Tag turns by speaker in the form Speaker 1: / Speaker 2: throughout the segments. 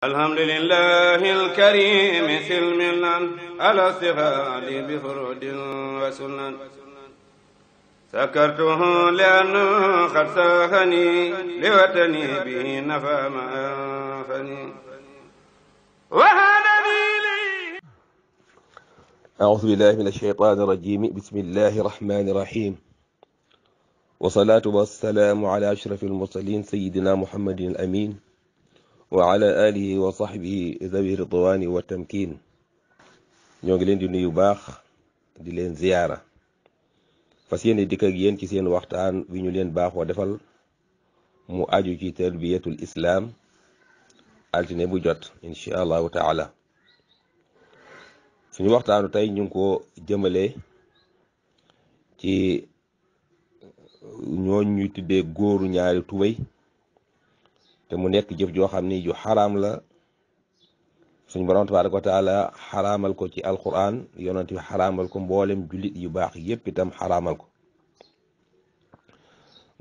Speaker 1: alhamdulilah alkarimi silmilan ala stighaali bi furudin wa sunan sakartuhu liannahu qad saahani liwatani bihi nafa ma anfani أعوذ بالله من الشيطان الرجيم بسم الله الرحمن الرحيم والصلاة والسلام على أشرف المرسلين سيدنا محمد الأمين wa ala alihi wa sahbihi zawi ridwani wa tamkin ñoo ngi leen di nuyu baax di leen ziyaara fas yéene dikk ak yéen ci seen waxtaan bi ñu leen baaxoo defal mu aju ci tarbiyatul islaam altine bu jot incha allahu taala suñu waxtaanu tey ñu ngi ko jëmale ci ñooñ ñuy tuddee góoru ñaari tubéy te mu nekk jëf joo xam ni ju xaraam la suñ borom tabaaraka wa ko ci alquran yonent bi xaraamal ko mboolem jullit yu baax yépp itam xaraamal ko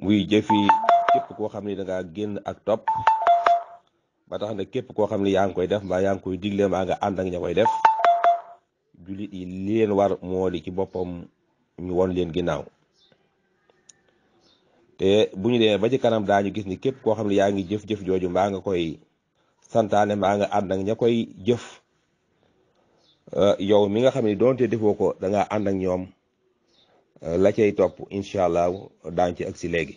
Speaker 1: muy jëfi képp koo xam ne danga ngaa génn ak top ba tax na képp koo xam ne yaa ngi koy def mbaa yaa ngi koy digle mbaa nga ànd ak koy def jullit yi leen war moo ci boppam ñu won leen ginnaaw te bu ñu demee ba ci kanam daañu gis ni képp koo xam ne yaa ngi jëf-jëf jooju mbaa nga koy santaane mbaa nga ànd ak ña koy jëf euh, yow mi nga xam ne doonte defoo ko da ànd ak ñoom euh, la cay topp incha allah daañ ci agsi léegi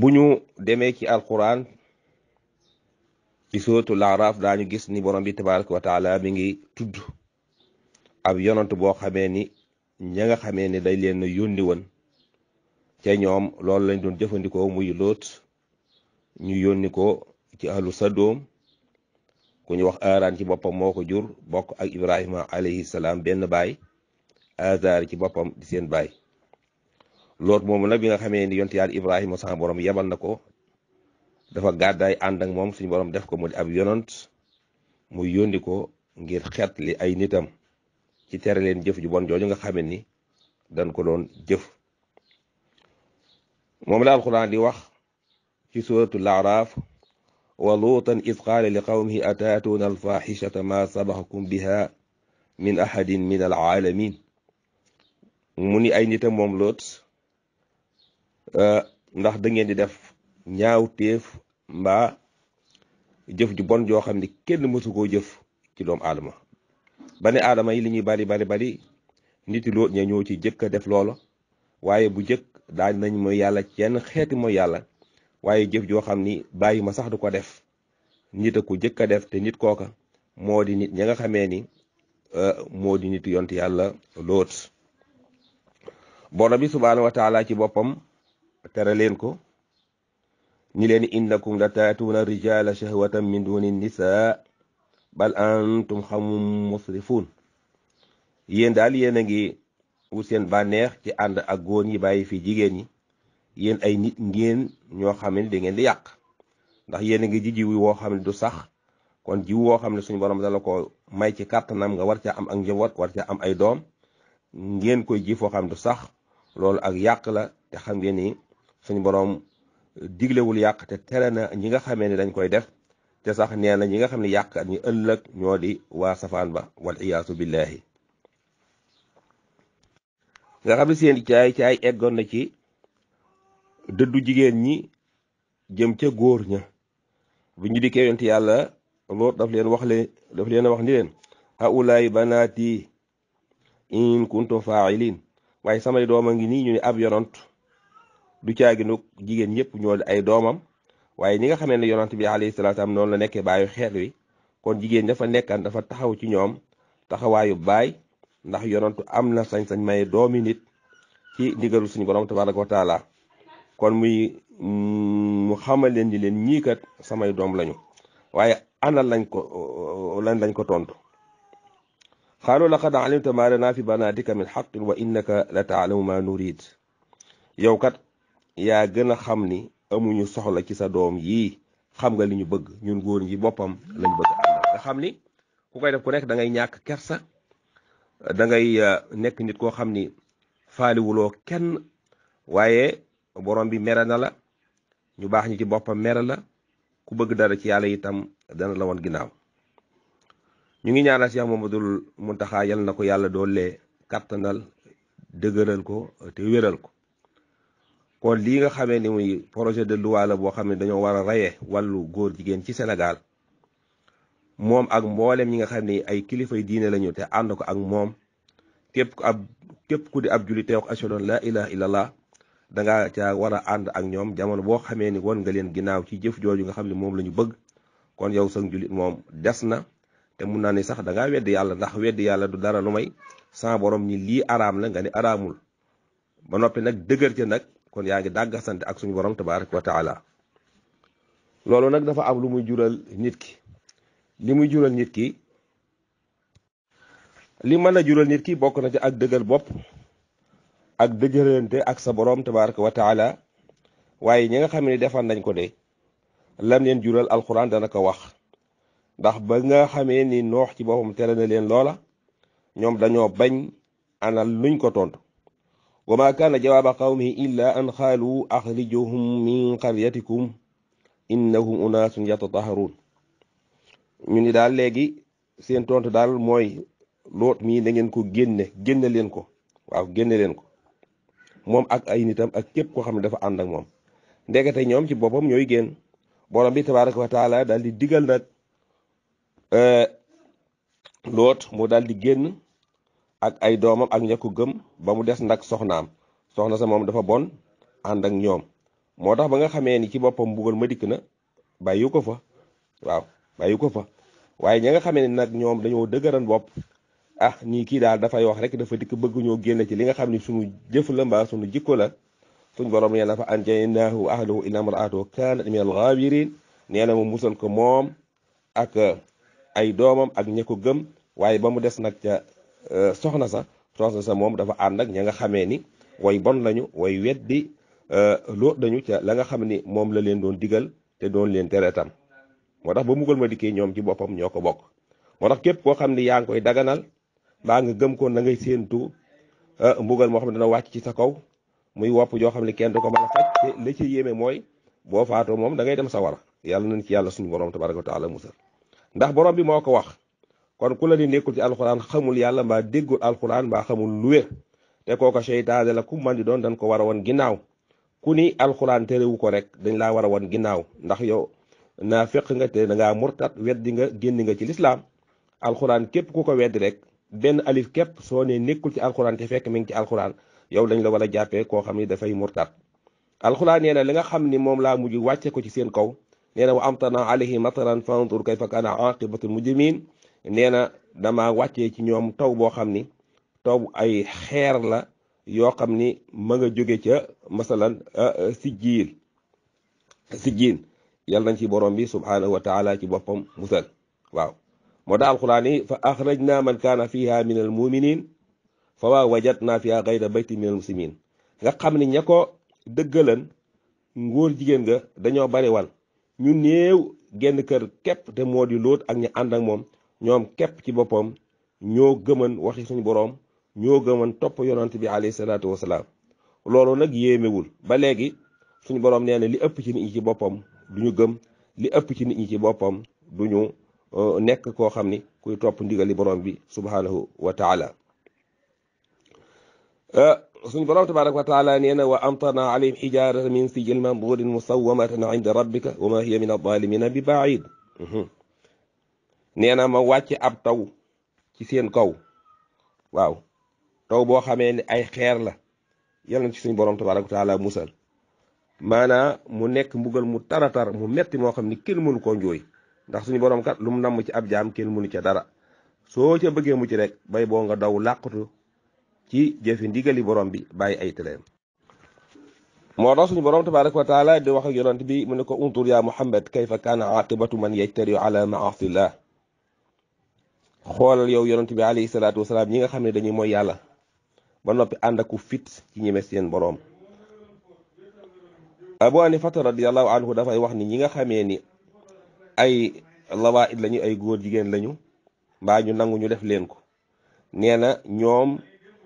Speaker 1: bu ñu demee ci alquran ci suratul araf daañu gis ni borom bi tabaraka mi ngi tudd ab yonant boo xamee ni ña nga xamee ni dañ leen yónni woon te ñoom loolu lañ doon jëfandikoo muy lóot ñu yónni ko ci ahlu sadoom ku ñu wax aaraan ci boppam moo ko jur bokk ak ibrahima alayhi salaam benn baay azar ci boppam di seen baay loot moom nag bi nga xamee ni yonte yàlla ibrahima sax borom yebal na ko dafa gàddaay ànd ak moom suñu borom def ko mu ab yonant mu yónni ngir xeet li ay nitam ci tere leen jëf ju bon jooju nga xamee ni dañ ko doon jëf moom laa la alquran di wax ci suratul araaf wa luutan id qaala li qawmihi ataatuuna alfaxishata ma sabaxakum biha min ahadin min alaalamin mu ni ay nita moom loot eh, ndax da ngeen di def ñaaw téef mbaa jëf ju bon joo xam ne kenn mësu koo jëf ci doomu aadama ba ne yi li ñuy bari bari bari nit yi loot ña ñoo ci jëkk a def loola waaye bu jëkk daal nañ mooy yàlla ci yenn xeeti mooy yàlla waaye jëf joo xam ni bàyyi ma sax du ko def nit a ko jëkk a def te nit kooka moo di nit ña nga xamee ni euh, moo di nit yont yàlla loot borom bi subhaanahu ci boppam tere leen ko ni leen innakum la taatuuna rijaala shahwatan min duni nisa bal antum xamum musrifun yéen daal yéen ngi wut seen bànneex ci ànd ak góor ñi bàyyi fi jigéen ñi yéen ay nit ngeen ñoo xam ne ngeen di yàq ndax yéen a ngi ji jiw woo xam ne du sax kon jiw woo xam ne suñu borom dala ko may ci kàttanam nga war caa am ak njaboot war caa am ay doom ngeen koy ji foo xam ne du sax loolu ak yàq la te xam ngeen ni suñu borom diglewul yàq te tere na ñi nga xamee ne dañ koy def te sax nee na ñi nga xam ne yàq ñi ëllëg ñoo di waa safaan ba wal iyaasu billahi nga xam ne seen caay caay eggoon na ci dëddu jigéen ñi jëm ca góor ña bu ñu di kewent yàlla loot daf leen wax leen daf leen a wax ni leen haulaay banaati in kuntum faailin waaye samay doom a ngi nii ñu ne ab yonant du caaginug jigéen ñëpp ñoo ay doomam waaye ni nga xamee ne yonant bi alayhi salaatu am noonu la nekkee baayu xeet wi kon jigéen dafa nekkan dafa taxaw ci ñoom taxawaayu baay ndax yonantu am na sañ-sañ maye doomi nit ci ndigalu suñu borom tabaraka wa taala kon muy mu xamal leen ni leen ñii kat samay doom lañu waaye ana lañ ko lan lañ ko tontu xaalu laqad alimta maa naa fi banaatika min xaqin wa innaka la taalamu ma nurid yow kat yaa gën a xam ni amuñu soxla ci sa doom yii xam nga liñu bëgg ñun góor ñi boppam lañ bëgg am xam ni ku koy def ku nekk da ngay ñàkk kersa da ngay euh, nekk nit koo xam ni faaliwuloo kenn waaye borom bi mere na la ñu baax ñu ci boppam mere la ku bëgg dara ci yàlla itam dana la woon ginnaaw ñu ngi ñaanal Cheikh Mamadul Muntaxa yal na ko yàlla doole kattanal dëgëral ko te wéral ko kon lii nga xamee ni muy projet de loi boo xam ne dañoo war a raye wàllu góor jigéen ci senegal moom ak mboolem ñi nga xam ne ay kilifay diine lañu te ànd ko ak moom képp ku ab képp ku di ab julli te wax ashhadu an laa ilaaha illallah da nga caa war ànd ak ñoom jamono boo xamee ni won nga leen ginnaaw ci jëf jooju nga xam ne moom la ñu bëgg kon yow sax jullit moom des na te mun naa ni sax da ngaa yàlla ndax weddi yàlla du dara lu may sans borom ni lii araam la nga ne araamul ba noppi nag dëgër nag kon yaa ngi dàggasante ak suñu borom tabaaraka wa taala loolu nag dafa am jural nit ki. li muy jural nit ki li mën a jural nit ki bokk na ci ak dëgër bopp ak dëgërante ak sa boroom tabaraka wa taala waaye ñi nga xam ni defaan nañ ko de lam leen jural alxuraan dana ko wax ndax ba nga xamee ni noox ci boppam tere na leen loola ñoom dañoo bañ anal luñ ko tontu wa ma kaana jawaaba qawmihi illa an xaalu axrijuhum min qaryatikum innahum unaasun yatataharuun ñu ni daal léegi seen tontu daal mooy loot mii da ko génne génne leen ko waaw génne leen ko moom ak ay nitam ak képp koo xam ne dafa ànd ak moom ndekete ñoom ci boppam ñooy génn borom bi tabaraka wa taala daal di digal nag euh, loot mu daal di génn ak ay doomam ak ña ko gëm ba mu des nag soxnaam soxna sa moom dafa bon ànd ak ñoom moo tax ba nga xamee ni ci boppam mbugal ma dikk na bàyyi ko fa waaw bàyyi ko fa waaye ña nga xamee ni nag ñoom dañoo dëgëran bopp ah ñii kii daal dafay wax rek dafa dikk bëgg ñoo génn ci li nga xam ni suñu jëf la mbaa suñu jikko la suñ borom nee na fa anjaynaahu wa ahlahu illaa imra'atahu kaanat min al nee na mu musal ko moom ak uh, ay doomam ak ña ko gëm waaye ba mu des nag ca uh, soxna sa soxna sax moom dafa ànd ak ña nga xamee ni way bon lañu way weddi uh, loot dañu ca la nga xam ni moom la leen doon digal te doon leen tere tam moo tax ba mbugal ma dikkee ñoom ci boppam ñoo ko bokk moo tax képp koo xam ne yaa koy daganal mbaa nga gëm koon na ngay séentu euh, mbugal moo xam ne dana wàcc ci sa kaw muy wopp joo xam ne kenn du ko mën a faj te la ci yéeme mooy boo faatoo moom da ngay dem sawara yàlla nañ ci yàlla suñu borom tabaraka wa taala musal ndax borom bi moo ko wax kon ku la ni nekkul ci alxuraan xamul yàlla mbaa déggul alxuraan mbaa xamul lu wér te kooka seytaane la ku man di doon dañ ko war a woon ginnaaw ku ni alxuraan terewu ko rek dañ laa war a woon ginnaaw ndax yow naa feq nga te da ngaa murtat weddi nga génn nga ci lislaam alxuraan képp ku ko weddi rek benn alif képp soo ne nekkul ci alxuraan te fekk mi ngi ci alxuraan yow dañ la war a jàppee koo xam ni dafay murtat alxuraan nee na li nga xam ni moom laa mujj wàcce ko ci seen kaw nee na wa amtarna alayhi mataran fanzur kayfa kaana aqibatul mujrimin nee na dama wàcce ci ñoom taw boo xam ni taw ay xeer la yoo xam ni ma nga jóge ca masalan euh, euh, sijjiil sijjiin yal nañ ci borom bi subhanahu wa taala ci boppam musal waaw moo tax alquran ni fa axrajna man kaana fiha min al muminin fa waa wajadna fiha gayra bayti min al muslimin nga xam ni ña ko dëggalan ngóor jigéen ga dañoo bari wal ñu néew genn kër képp te moo di lóot ak ñu ànd ak moom ñoom képp ci boppam ñoo gëman waxi suñu boroom ñoo gëman topp yonant bi alayhi salaatu wasalaam loolu nag yéemewul ba léegi suñu boroom nee na li ëpp ci ci boppam duñu ñu gëm li ëpp ci nit ñi ci boppam du ñu euh, nekk koo xam ni kuy topp ndigali borom bi subhanahu wa suñ euh, suñu borom tabaraka wa taala nee na wa amtarna alayhim xijarata min sijil mandurin musawamatan inda rabbika wa ma hiya min addalimina bi baid mhm. nee ma wàcce ab taw ci seen kaw waaw taw boo xamee ni ay xeer la yal na ci suñu borom tabaraka wa musal maanaa mu nekk mbugal mu tara tar mu metti moo xam ni kenn mënu koo njooy ndax suñu borom kat lu mu namm ci ab jaam kenn mënu ca dara soo ca bëggee mucc rek bay boo nga daw làqatu ci jëfe ndigali borom bi bàyyi ay tëleem moo tax suñu borom tabaraka wa taala di wax ak bi mu ne ko untur yaa muhammad kayfa kaana aqibatu man yajtari ala maasillah xoolal yow yonent bi alayhi salaatu wasalaam ñi nga xam ne dañuy mooy yàlla ba noppi ànd aku fit ci ñeme seen abu anifata radiallahu anhu dafay wax ni ñi nga xamee ni ay lawaid lañu ay góor jigéen lañu mbaa ñu nangu ñu def leen ko nee na ñoom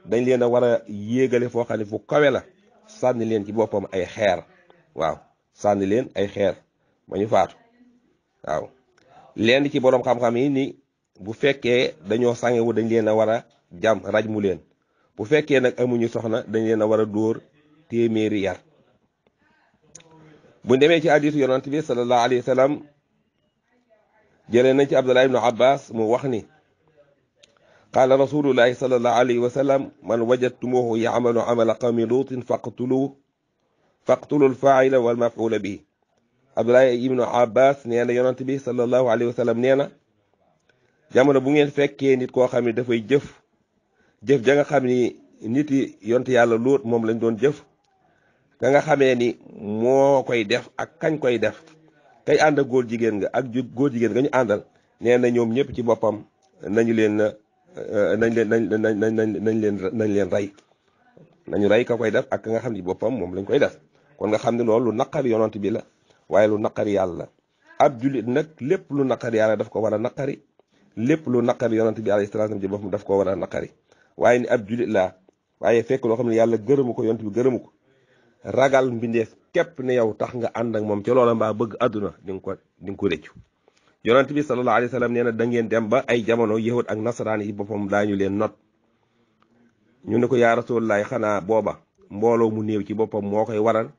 Speaker 1: dañ leen a war a yéegale foo xam ne fu la sànni leen ci boppam ay xeer waaw sànni leen ay xeer ba ñu waaw leen ci boroom xam yi ni bu fekkee dañoo sàngewu dañ leen a wara a jam raj mu leen bu fekkee nag amuñu soxna dañ leen a war a dóor téeméeri yar bu demee ci hadisu yonant bi sallallahu alayhi wa sallam jëlee nañ ci abdullah ibnu abbas mu wax ni qaala rasulullahi sallallahu alayhi wa sallam man wajadtumuhu yaamalu amala qawmi luutin faqtuluhu faqtulu alfaila walmafuula bi abdullah ibnu abbas nee na yonant bi sallallahu alayhi wa sallam nee na jamono bu ngeen fekkee nit koo xam ne dafay jëf jëf xam ni nit yi yont yàlla luut moom lañ doon jëf ka nga xamee ni moo koy def ak kañ koy def kay ànd ak góor jigéen nga ak góor jigéen nga ñu àndal nee na ñoom ñëpp ci boppam nañu leen euh, nañ leen nañ nañ nañ nañ leen nañ leen rey nañu rey ka koy def ak ka nga xam ne boppam moom lañ koy def kon nga xam ne loolu lu naqari yonent bi la waaye lu naqari yàlla ab jullit nag lépp lu naqari yàlla daf ko war a naqari lépp lu naqari yonent bi alayhi salaam ci boppam daf ko war a naqari waaye ni ab jullit laa waaye fekk loo xam ne yàlla gërëmu ko yonent bi gërëmu ko ragal mbindeef képp ne yow tax nga ànd ak moom ci loola mbaa bëgg àdduna di nga ko di nga ko réccu yonent bi sallallahu alayhi nee na da ngeen dem ba ay jamono yahud ak nasaraan yi boppam daañu leen not ñu ne ko yaara yaa rasulullaay xanaa booba mbooloo mu néew ci boppam moo koy waral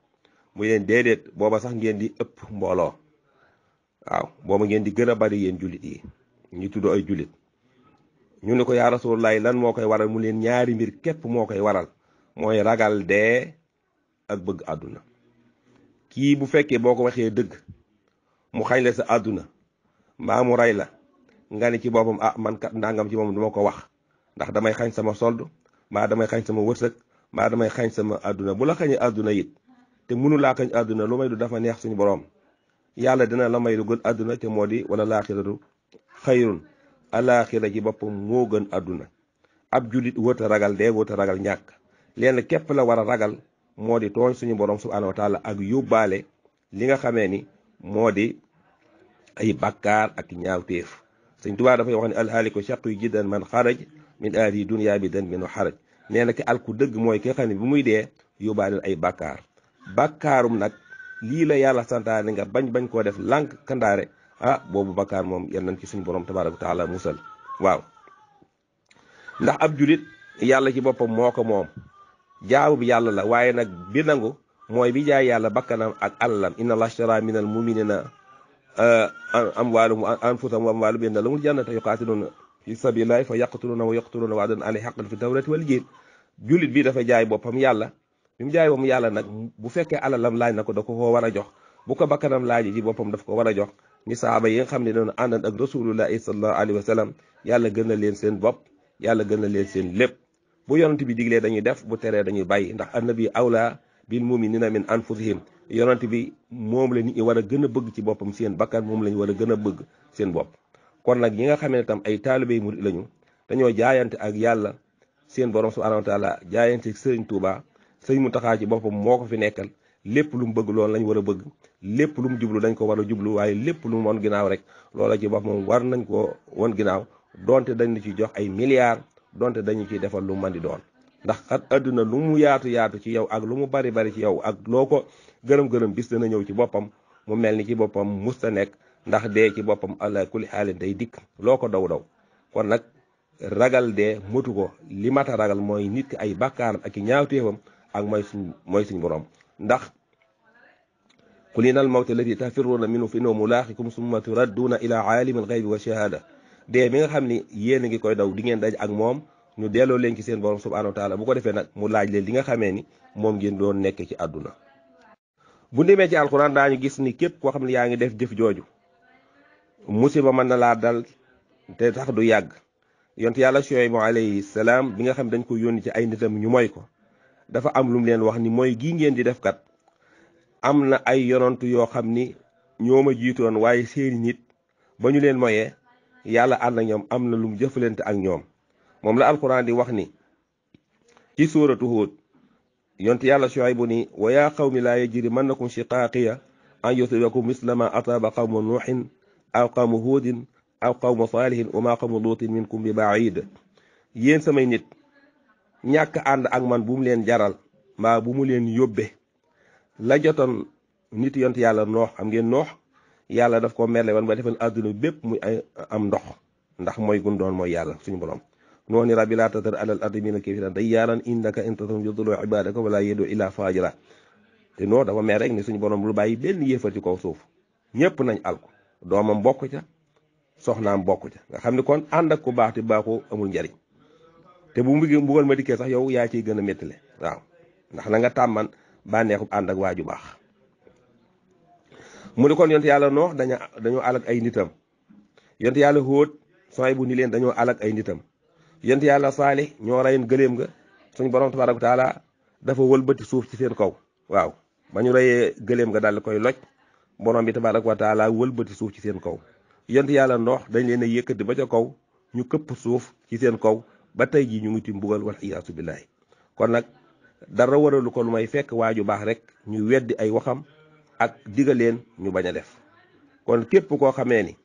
Speaker 1: mu leen déedéet booba sax ngeen di ëpp mbooloo waaw booba ngeen di gën a bari yéen julit yi ñu tudd ay jullit ñu ne ko sool rasulullaay lan moo koy waral mu leen ñaari mbir képp moo koy waral mooy ragal dee ak bëgg àdduna kii bu fekkee boo ko waxee dëgg mu xañ la sa àdduna mbaa mu rey la nga ne ci boppam ah man kat ndàngam ci moom duma ko wax ndax damay xañ sama solde mbaa damay xañ sama wërsëg mbaa damay xañ sama àdduna bu la xañee àdduna it te mënu laa xañ àdduna lu may du dafa neex suñu boroom yàlla dina la may lu gën àdduna te moo di wala laaxiratu xayrun alaaxira ci boppam moo gën àdduna ab jullit wërta ragal dee wërta ragal ñàkk leen képp la war a ragal moo di tooñ suñu borom subhanahu wa taala ak yóbbaale li nga xamee ni moo di ay bakkaar ak ñaawteef sëñ Tuubaa dafay wax ne ko shaqu yu jiddan man xaraj min aali dunya bi dan minu xaraj nee na ki alku dëgg mooy ki nga xam ne bi muy dee yóbbaale ay bakkaar bakkaarum nag lii la yàlla santaane nga bañ bañ koo def lànk kandaare ah boobu bakkaar moom yal nañ ci suñu borom tabaaraka wa taala musal waaw ndax ab julit yàlla ci boppam moo ko moom jaamu bi yàlla la waaye nag bi nangu mooy bi jaay yàlla bakkanam ak alalam inna allaha ishtara minal mu'minina eh, amwaalahum wa anfusahum wa amwaalahum bi anna lahumul jannata yuqaatiluna fi sabilillahi fa yaqtuluuna wa yaqtuluuna wa'dan alayhi haqqan fi tawrati wal injil jullit bi dafa jaay boppam yàlla bi mu jaay boppam yàlla nag bu fekkee alalam laaj na ko da ko koo war a jox bu ko bakkanam laaj ji boppam daf ko war a jox ni saaba yi nga xam ne doon àndan ak rasulullahi sallallahu alayhi wa sallam yàlla gën a leen seen bopp yàlla gën a leen seen lépp bu yonent bi diglee dañuy def bu teree dañuy bàyyi ndax annabi awla bil muminina min anfusihim yonent bi moom la nit ñi war a gën a bëgg ci boppam seen bakkan moom lañu war a gën a bëgg seen bopp kon nag ñi nga xamee ne tam ay taalibe murid lañu dañoo jaayante ak yàlla seen borom subhanahu wa jaayante ak sëriñ Touba mu Mountakha ci boppam moo ko fi nekkal lépp lu mu bëgg loolu lañ war a bëgg lépp lu mu jublu dañ ko war a jublu waaye lépp lu mu won ginnaaw rek loola ci boppam war nañ ko won ginnaaw donte dañ ci jox ay milliards donte dañu ciy defal lu mën di doon ndax at àdduna lu mu yaatu yaatu ci yow ak lu mu bari bari ci yow ak loo ko gërëm gërëm bis na ñëw ci boppam mu mel ni ci boppam musta nekk ndax dee ci boppam ala kulli xaalin day dikk loo ko daw daw kon nag ragal dee motu ko li mata ragal mooy nit ki ay bakkaaram ak i ñaawteefam ak mooy suñ mooy suñ borom ndax qul inal mawta allati tafirruuna minhu fa innahu mulaaqikum summa turadduuna ila aalimi alxaybi wa shahaada de bi nga xam ni yéen a ngi koy daw di ngeen daj ak moom ñu delloo leen ci seen borom subhaanahu wa bu ko defee nag mu laaj leen di nga xamee ni moom ngeen doon nekk ci àdduna bu ndemee ci alxuraan ñu gis ni képp koo xam ne yaa ngi def jëf jooju musiba mën na laa dal te tax du yàgg yont yàlla Shuayb alayhi salaam bi nga xam dañ ko yónni ci ay nitam ñu mooy ko dafa am lum leen wax ni mooy gii ngeen di def kat am na ay yonantu yoo xam ni ñooma jiitoon waaye seeni nit ba ñu leen moyee yàlla ànd ñoom am na lu mu jëflante ak ñoom moom la alquran di wax ni ci suuratu Huud yonte yàlla Shuaybu ni wa yaa qawmi laa yajrimannakum shiqaaqiya an yusibakum misla ma ataaba qawma nuuxin aw qawma huudin aw qawma saalihin wa maa qawma luutin minkum bi baid yéen samay nit ñàkk ànd ak man bu mu leen jaral mbaa bu mu leen yóbbe la jotoon nit yont yàlla noox xam ngeen noox yàlla daf ko merle woon ba defoon àdduna bépp muy am ndox ndax mooy gun doon mooy yàlla suñu borom noonu rabbi laa tatar alal ardi mina kafiran dayyaaran innaka in tatarhum yudillu ibadaka wala yadu ila fajira te noo dafa mer rek ne suñu borom lu bàyyi benn yéefar ci kaw ñëpp nañ alko doomam bokk ca soxnaam bokk ca nga xam ne kon ànd ak ku baax te baaxoo amul njariñ te bu mu mbugal ma dikkee sax yow yaa ciy gën a méttale waaw ndax na nga tàmman bànneexu ànd ak waaju baax mu ne kon yont yàlla noox dañu dañoo alak ay nitam yont yàlla xóot sooy bu ni leen dañoo alak ay nitam yont yàlla saalih ñoo reyen gëléem nga suñu borom tabaaraka wa taala dafa wëlbati suuf ci seen kaw waaw ba ñu reyee gëléem nga daal koy loj borom bi tabaaraka wa taala suuf ci seen kaw yont yàlla noox dañ leen a yëkkati ba ca kaw ñu këpp suuf ci seen kaw ba tey ji ñu ngi ci mbugal wal iyaasu kon nag dara waralu ko lu may fekk waa ju baax rek ñu weddi ay waxam ak leen ñu bañ a def kon képp koo xamee ni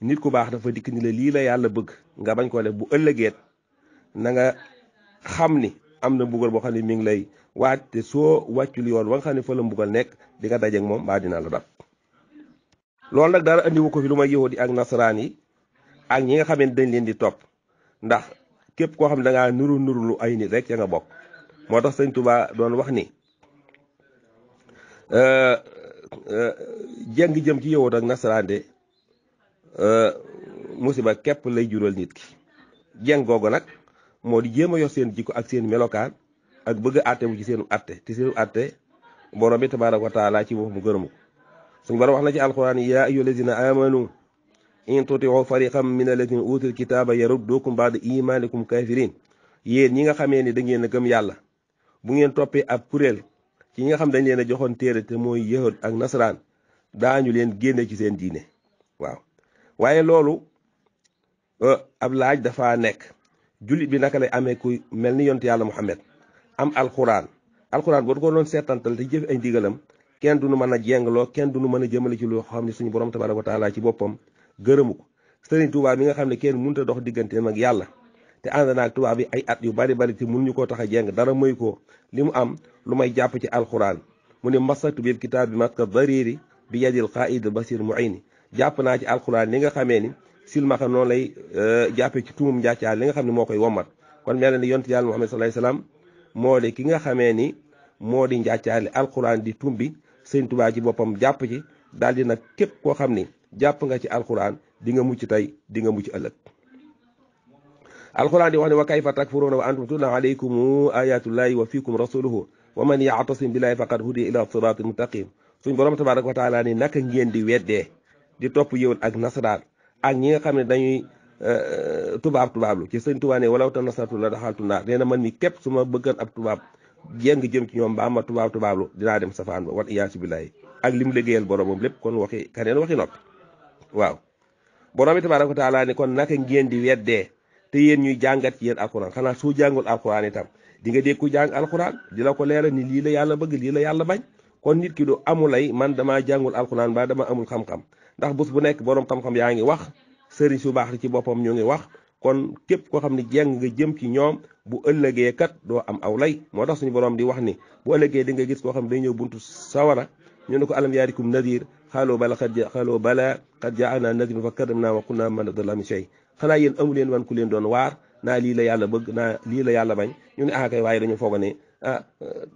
Speaker 1: nit ku baax dafa dikk ni la lii la yàlla bëgg nga bañ koo def bu ëllëgeet na nga xam ni am na mbugal boo xam ne mi ngi lay waaj te soo wàccul yoon wa nga xam ne fa la mbugal nekk di nga dajeeg moom mbaa dina la dab loolu nag dara andiwu ko fi lu may yahud di ak nasaraan yi ak ñi nga xam ne dañ leen di topp ndax képp koo xam ne danga ngaa nuru ay nit rek ca nga bokk moo tax sëñ Tuubaa doon wax ni euh, Eh, jeng jëm ci yowoot ak nasaraan de eh, musiba kepp lay jural nit ki jeng googu nag moo di jéem a yor seen jikko ak seen melokaan ak bëgg a àtte bu ci seenu àtte te seenu àtte borom bi tabaaraka wa ci boppam gërëmu ko suñu borom wax na ci alxuraan yaa ayyuha lazina amanu in tutiu fariqan min alladina utul kitaaba yaruddukum baada imanikum kafirin yéen ñi nga xamee ni dangeen ngeen a gëm yàlla bu ngeen toppee ab kuréel ci nga xam dañu leen joxoon téere te mooy yahud ak nasaraan daañu leen génne ci seen diine waaw waaye loolu euh, ab laaj dafa nekk jullit bi naka lay amee ku mel ni yonent yàlla Muhammad am alxuraan alxuraan boo ko doon seetantal te jëf ay ndigalam kenn du nu mën a jengloo kenn du nu mën a jëmale ci loo xam ne suñu borom tabaaraka wa taala ci boppam gërëmu ko Sëriñ Tuubaa mi nga xam ne kenn mënut a dox digganteem ak yàlla. te ànd naag tubaab yi ay at yu bari bari ci mun ñu koo tax a jeng dara moy ko li mu am lu may jàpp ci alxuraan mu ne masaktu bil kitaab bi maska dariri bi yadil qaa'id basir ni jàpp naa ci alxuraan li nga xamee ni silmaxa noonu lay euh, jàppee ci tuumum njaacaar li nga xam ne moo koy wommat kon mel na ni yonent yàlla Muhammad sallallahu alayhi wasallam moo di ki nga xamee ni moo di njaacaar li alxuraan di tumbi sëñ Tuubaa ci boppam jàpp ci daal di nag képp koo xam ni jàpp nga ci alxuraan di nga mucc tey di nga mucc ëllëg alquran di wax ne wa kayfa takfuruuna wa antum tutla alaykum ayatullahi wa fikum rasuluhu wa man ya'tasim billahi faqad hudiya ila siratin mustaqim suñ borom tabaraka wa taala ni naka ngeen di weddee di topp yëwul ak nasaraan ak ñi nga xam ne dañuy euh, euh, tubaab tubaab lu ci sëñ tubaab ne walaw ta nasaratu la daxaltu naar nee man mi képp su ma bëggoon ab tubaab jéng jëm ci ñoom ba ma tubaab tubaab dinaa dem safaan ba wal iyaasu billahi ak lim liggéeyal boromam lépp kon waxi kaneen waxi noppi waaw borom bi tabaraka wa kon naka ngeen di weddee te yéen ñuy jàngat yéen alxuraan xanaa soo jàngul alxuraan itam di nga dégg ku jàng alxuraan di la ko leeral ni lii la yàlla bëgg lii la yàlla bañ kon nit ki du amulay man damaa jàngul alxuraan ba dama amul xam-xam ndax bés bu nekk boroom xam-xam yaa ngi wax sëriñ su baax rek ci boppam ñu ngi wax kon képp koo xam ne jeng nga jëm ci ñoom bu ëllëgee kat doo am aw lay moo tax suñu borom di wax ni bu ëllëgee di nga gis koo xam ne day ñëw buntu sawara ñu ne ko alam yaarikum nadir xaaloo bala xad xaaloo bala xad jaana nadir fa kadam naa wa kunna man adalla min shay xanaa yéen amu leen wan ku leen doon waar naa lii la yàlla bëgg naa lii la yàlla bañ ñu ne ah kay waaye dañu foog ne ah,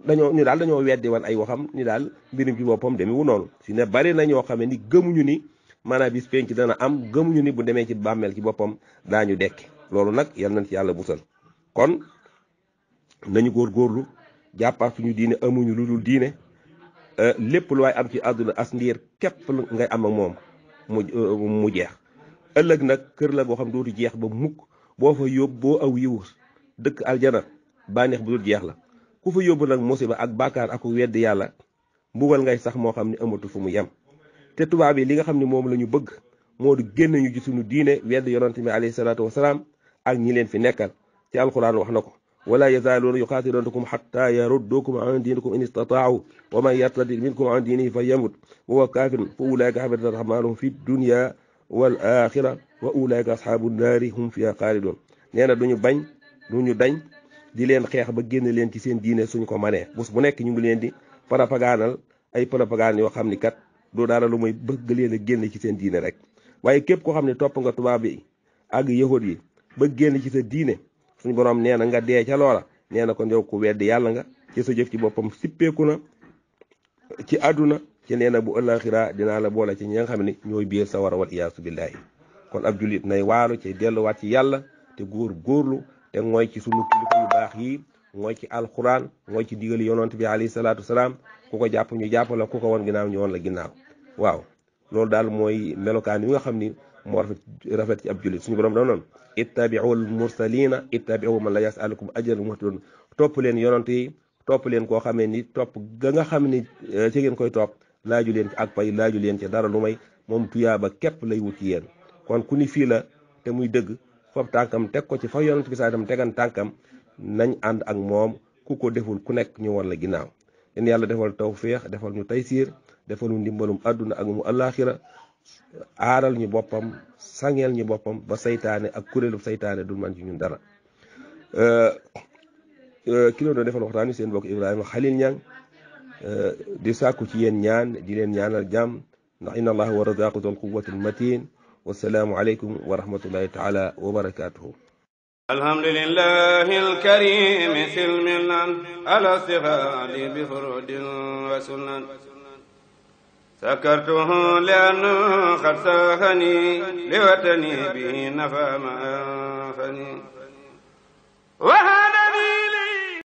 Speaker 1: dañoo ñu daal dañoo weddi wan ay waxam ni daal mbirum ci boppam demee wu noonu si ne bari na ñoo xam ni gëmuñu ni maanaam bis penc dana am gëmuñu ni bu demee ci bàmmeel ci boppam daañu dekk loolu nag yal nañ ci yàlla busal kon nañu góorgóorlu jàppaat suñu diine amuñu lu dul diine eh, lépp lu waay am ci àdduna as ndiir képp ngay am ak moom mu eh, mu jeex. ëllëg nag kër la goo xam dootu jeex ba mukk boo fa yóbbu boo aw yiw dëkk aljana bànneex bu dul jeex la ku fa yóbbu nag musiba ak bàkkaar ak wedd yàlla mbugal ngay sax moo xam ne amatu fu mu yem te tubaab yi li nga xam ne moom la ñu bëgg moo di génn ñu ci suñu diine wedd yonante bi alayhi salaatu wasalaam ak ñi leen fi nekkal ci alquran wax na ko wala yazaaluuna yuqaatiluunakum xatta yaruddukum an diinikum in istataau wa man yartadid minkum an diinihi fa yamut wa huwa kaafirun fa ulaa'ika xabitat a'maaluhum fi dunya wal axira wa ulaika asxaabu naari hum fiha doon nee na duñu bañ ñu dañ di leen xeex ba génn leen ci seen diine suñ ko manee bés bu nekk ñu ngi leen di propagandal ay propagande yoo xam ni kat doo dara lu may bëgg leen génn ci seen diine rek waaye képp koo xam ne topp nga tubaab yi ak yahud yi ba génn ci sa diine suñu borom nee na nga dee ca loola nee na kon yow ku weddi yàlla nga ci sa jëf ci boppam sippeeku na ci àdduna ci nee na dinaa la boole ci ñi nga xam ne ñooy biir sa war a wal iyaasu billaahi kon ab jullit nay waalu ci delluwaat ci yàlla te góor góorlu te mooy ci sunu kilifa yu baax yi mooy ci alquran mooy ci digali yonent bi alayhi salaatu salaam ku ko jàpp ñu jàppala la ku ko woon ginnaaw ñu woon la ginnaaw waaw loolu daal mooy melokaan yi nga xam ni moo rafet rafet ci ab jullit suñu borom da noonu ittabiul mursalina ittabiu man la yasalukum ajran muhtadun topp leen yonent yi topp leen koo xamee ni topp ga nga xam ni eh, ci ngeen koy topp laaju leen ci ak pay laaju leen ci dara lu may moom tuyaaba képp lay wut ci kon ku ni fii la te muy dëgg fab tànkam teg ko ci fa yonent bi saa tam tegan tànkam nañ ànd ak moom ku ko deful ku nekk ñu war la ginnaaw te yàlla defal tawféex defal ñu taysiir defal ñu ndimbalum àdduna ak mu alaaxira aaral ñu boppam sangeel ñu boppam ba seytaane ak kuréelu saytaane du man ci ñun dara euh, euh, ki loon doon defal waxtaan wi seen bokk Ibrahima Khalil Niang Eh, di sàkku ci yéen ñaan di leen ñaanal jàmm ndax inna allaha wa razaqu zul quwwatil matin wassalaamu aleykum wa rahmatullahi taala wa barakatuhu alhamdulillahi alkarim silmilan alastighali bi furudin wa sunan سكرته لأنه قد ساهني لوتني به نفى ما أنفني